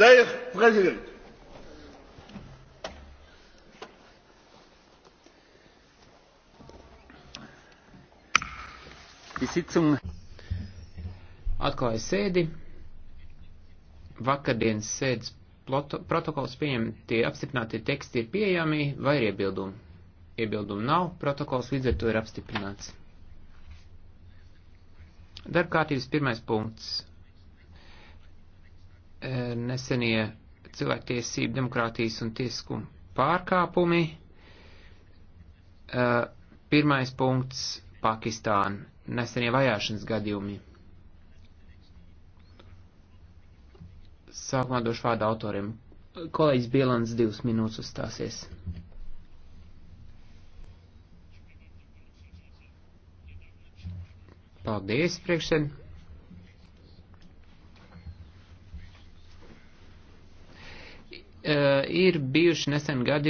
Dear President, Die Sitzung atklāja sēdi. Vakardienas sēdes protokols pieņemtie apstiprinātie teksti ir pieejami vai ir iebildumi? Iebildumi nav, protokols līdz ar to ir apstiprināts. Darbkārtības pirmais punkts E, nesenie cilvēktiesību, demokrātijas un tieskumu pārkāpumi. E, pirmais punkts - Pakistāna nesenie vajāšanas gadījumi. Sākumā došu vārdu autoriem. Kolēģis Bielans divas minūtes uzstāsies. Paldies, priekšsēdētāji. ir bijuši nesen gadi